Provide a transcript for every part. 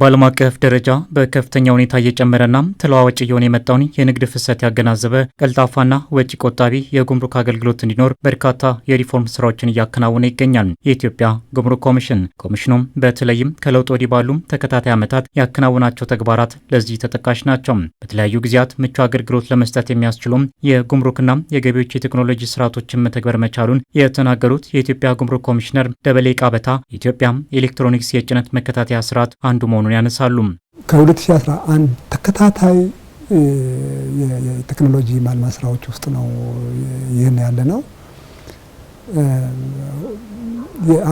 በዓለም አቀፍ ደረጃ በከፍተኛ ሁኔታ እየጨመረና ተለዋዋጭ እየሆነ የመጣውን የንግድ ፍሰት ያገናዘበ ቀልጣፋና ወጪ ቆጣቢ የጉምሩክ አገልግሎት እንዲኖር በርካታ የሪፎርም ስራዎችን እያከናወነ ይገኛል የኢትዮጵያ ጉምሩክ ኮሚሽን። ኮሚሽኑም በተለይም ከለውጥ ወዲህ ባሉ ተከታታይ ዓመታት ያከናወናቸው ተግባራት ለዚህ ተጠቃሽ ናቸው። በተለያዩ ጊዜያት ምቹ አገልግሎት ለመስጠት የሚያስችሉም የጉምሩክና የገቢዎች የቴክኖሎጂ ስርዓቶችን መተግበር መቻሉን የተናገሩት የኢትዮጵያ ጉምሩክ ኮሚሽነር ደበሌ ቃበታ ኢትዮጵያ ኤሌክትሮኒክስ የጭነት መከታተያ ስርዓት አንዱ መሆኑን ያነሳሉ። ከ2011 ተከታታይ የቴክኖሎጂ ማልማት ስራዎች ውስጥ ነው ይህን ያለ ነው።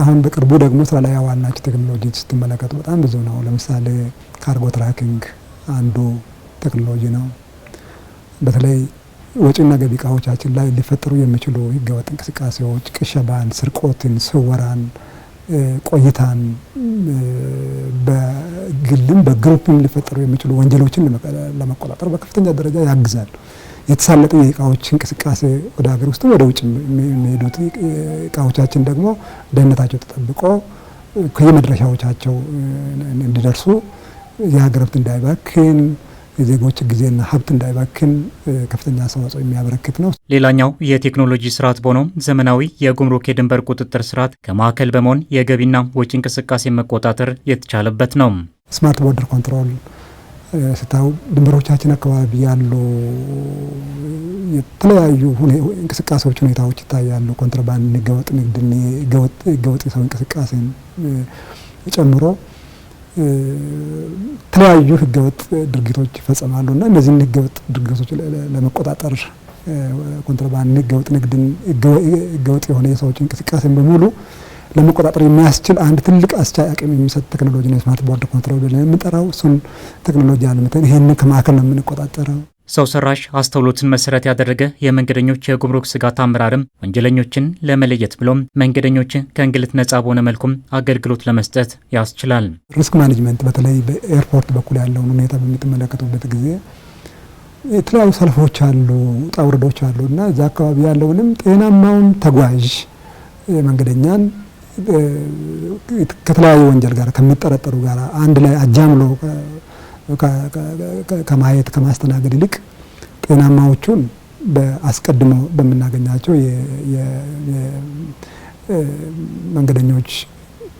አሁን በቅርቡ ደግሞ ስራ ላይ ያዋልናቸው ቴክኖሎጂ ስትመለከቱ በጣም ብዙ ነው። ለምሳሌ ካርጎ ትራኪንግ አንዱ ቴክኖሎጂ ነው። በተለይ ወጪና ገቢ እቃዎቻችን ላይ ሊፈጠሩ የሚችሉ ህገወጥ እንቅስቃሴዎች ቅሸባን፣ ስርቆትን፣ ስወራን፣ ቆይታን በግልም በግሩፕም ሊፈጠሩ የሚችሉ ወንጀሎችን ለመቆጣጠር በከፍተኛ ደረጃ ያግዛል። የተሳለጠ የእቃዎች እንቅስቃሴ ወደ ሀገር ውስጥም ወደ ውጭ የሚሄዱት እቃዎቻችን ደግሞ ደህንነታቸው ተጠብቆ ከየመድረሻዎቻቸው እንዲደርሱ የሀገር ሀብት እንዳይባክን የዜጎች ጊዜና ሀብት እንዳይባክን ከፍተኛ አስተዋጽኦ የሚያበረክት ነው። ሌላኛው የቴክኖሎጂ ስርዓት በሆነው ዘመናዊ የጉምሩክ የድንበር ቁጥጥር ስርዓት ከማዕከል በመሆን የገቢና ወጪ እንቅስቃሴ መቆጣጠር የተቻለበት ነው። ስማርት ቦርደር ኮንትሮል ስታው ድንበሮቻችን አካባቢ ያሉ የተለያዩ እንቅስቃሴዎች፣ ሁኔታዎች ይታያሉ። ኮንትሮባንድ፣ ህገወጥ ንግድ፣ ህገወጥ የሰው እንቅስቃሴን ጨምሮ የተለያዩ ህገወጥ ድርጊቶች ይፈጸማሉ እና እነዚህን ህገወጥ ድርጊቶች ለመቆጣጠር ኮንትሮባንድ፣ ህገወጥ ንግድን፣ ህገወጥ የሆነ የሰዎች እንቅስቃሴን በሙሉ ለመቆጣጠር የሚያስችል አንድ ትልቅ አስቻይ አቅም የሚሰጥ ቴክኖሎጂ ነው። ስማርት ቦርድ ኮንትሮል ብለን የምንጠራው እሱን ቴክኖሎጂ አልምተን ይህን ከማዕከል ነው የምንቆጣጠረው። ሰው ሰራሽ አስተውሎትን መሰረት ያደረገ የመንገደኞች የጉምሩክ ስጋት አመራርም ወንጀለኞችን ለመለየት ብሎም መንገደኞችን ከእንግልት ነጻ በሆነ መልኩም አገልግሎት ለመስጠት ያስችላል። ሪስክ ማኔጅመንት በተለይ በኤርፖርት በኩል ያለውን ሁኔታ በምትመለከቱበት ጊዜ የተለያዩ ሰልፎች አሉ፣ ጣውርዶች አሉ እና እዛ አካባቢ ያለውንም ጤናማውን ተጓዥ መንገደኛን ከተለያዩ ወንጀል ጋር ከሚጠረጠሩ ጋር አንድ ላይ አጃምሎ ከማየት ከማስተናገድ ይልቅ ጤናማዎቹን አስቀድሞ በምናገኛቸው መንገደኞች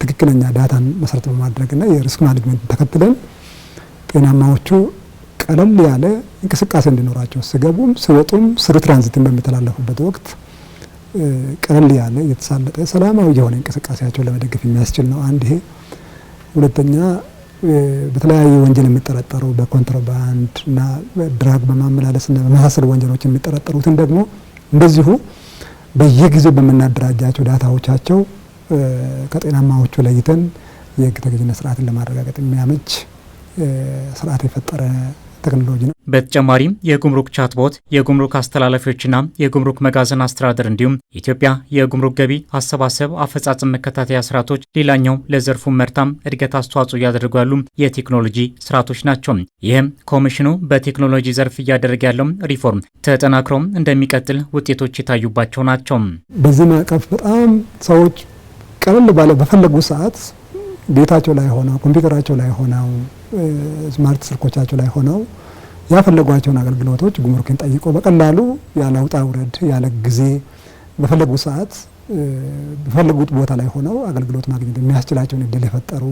ትክክለኛ ዳታን መሰረት በማድረግና የሪስክ ማኔጅመንት ተከትለን ጤናማዎቹ ቀለል ያለ እንቅስቃሴ እንዲኖራቸው ስገቡም ስወጡም ስሩ ትራንዚትን በሚተላለፉበት ወቅት ቀለል ያለ የተሳለጠ ሰላማዊ የሆነ እንቅስቃሴያቸው ለመደገፍ የሚያስችል ነው። አንድ ይሄ። ሁለተኛ በተለያዩ ወንጀል የሚጠረጠሩ በኮንትሮባንድ እና ድራግ በማመላለስና በመሳሰሉ ወንጀሎች የሚጠረጠሩትን ደግሞ እንደዚሁ በየጊዜው በምናደራጃቸው ዳታዎቻቸው ከጤናማዎቹ ለይተን የህግ ተገዥነት ስርዓትን ለማረጋገጥ የሚያመች ስርዓት የፈጠረ ቴክኖሎጂ ነው። በተጨማሪም የጉምሩክ ቻትቦት የጉምሩክ አስተላለፊዎችና የጉምሩክ መጋዘን አስተዳደር እንዲሁም ኢትዮጵያ የጉምሩክ ገቢ አሰባሰብ አፈጻጸም መከታተያ ስርዓቶች ሌላኛው ለዘርፉ መርታም እድገት አስተዋጽኦ እያደረጉ ያሉ የቴክኖሎጂ ስርዓቶች ናቸው። ይህም ኮሚሽኑ በቴክኖሎጂ ዘርፍ እያደረገ ያለው ሪፎርም ተጠናክሮም እንደሚቀጥል ውጤቶች የታዩባቸው ናቸው። በዚህ ማዕቀፍ በጣም ሰዎች ቀለል ባለ በፈለጉ ሰዓት ቤታቸው ላይ ሆነው ኮምፒውተራቸው ላይ ሆነው ስማርት ስልኮቻቸው ላይ ሆነው ያፈለጓቸውን አገልግሎቶች ጉምሩክን ጠይቆ በቀላሉ ያለ ውጣ ውረድ ያለ ጊዜ በፈለጉት ሰዓት በፈለጉት ቦታ ላይ ሆነው አገልግሎት ማግኘት የሚያስችላቸውን እድል የፈጠሩ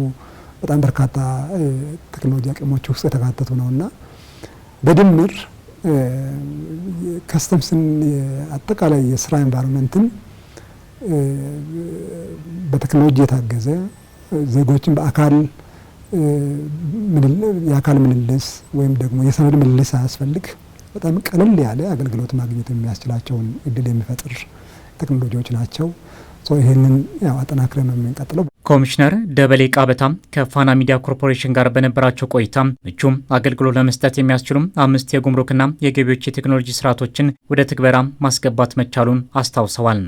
በጣም በርካታ ቴክኖሎጂ አቅሞች ውስጥ የተካተቱ ነው እና በድምር ከስተምስን አጠቃላይ የስራ ኤንቫይሮንመንትን በቴክኖሎጂ የታገዘ ዜጎችን በአካል የአካል ምልልስ ወይም ደግሞ የሰነድ ምልልስ ሳያስፈልግ በጣም ቀለል ያለ አገልግሎት ማግኘት የሚያስችላቸውን እድል የሚፈጥር ቴክኖሎጂዎች ናቸው። ይህንን ያው አጠናክረን ነው የምንቀጥለው። ኮሚሽነር ደበሌ ቃበታ ከፋና ሚዲያ ኮርፖሬሽን ጋር በነበራቸው ቆይታ ምቹም አገልግሎት ለመስጠት የሚያስችሉም አምስት የጉምሩክና የገቢዎች የቴክኖሎጂ ስርዓቶችን ወደ ትግበራ ማስገባት መቻሉን አስታውሰዋል።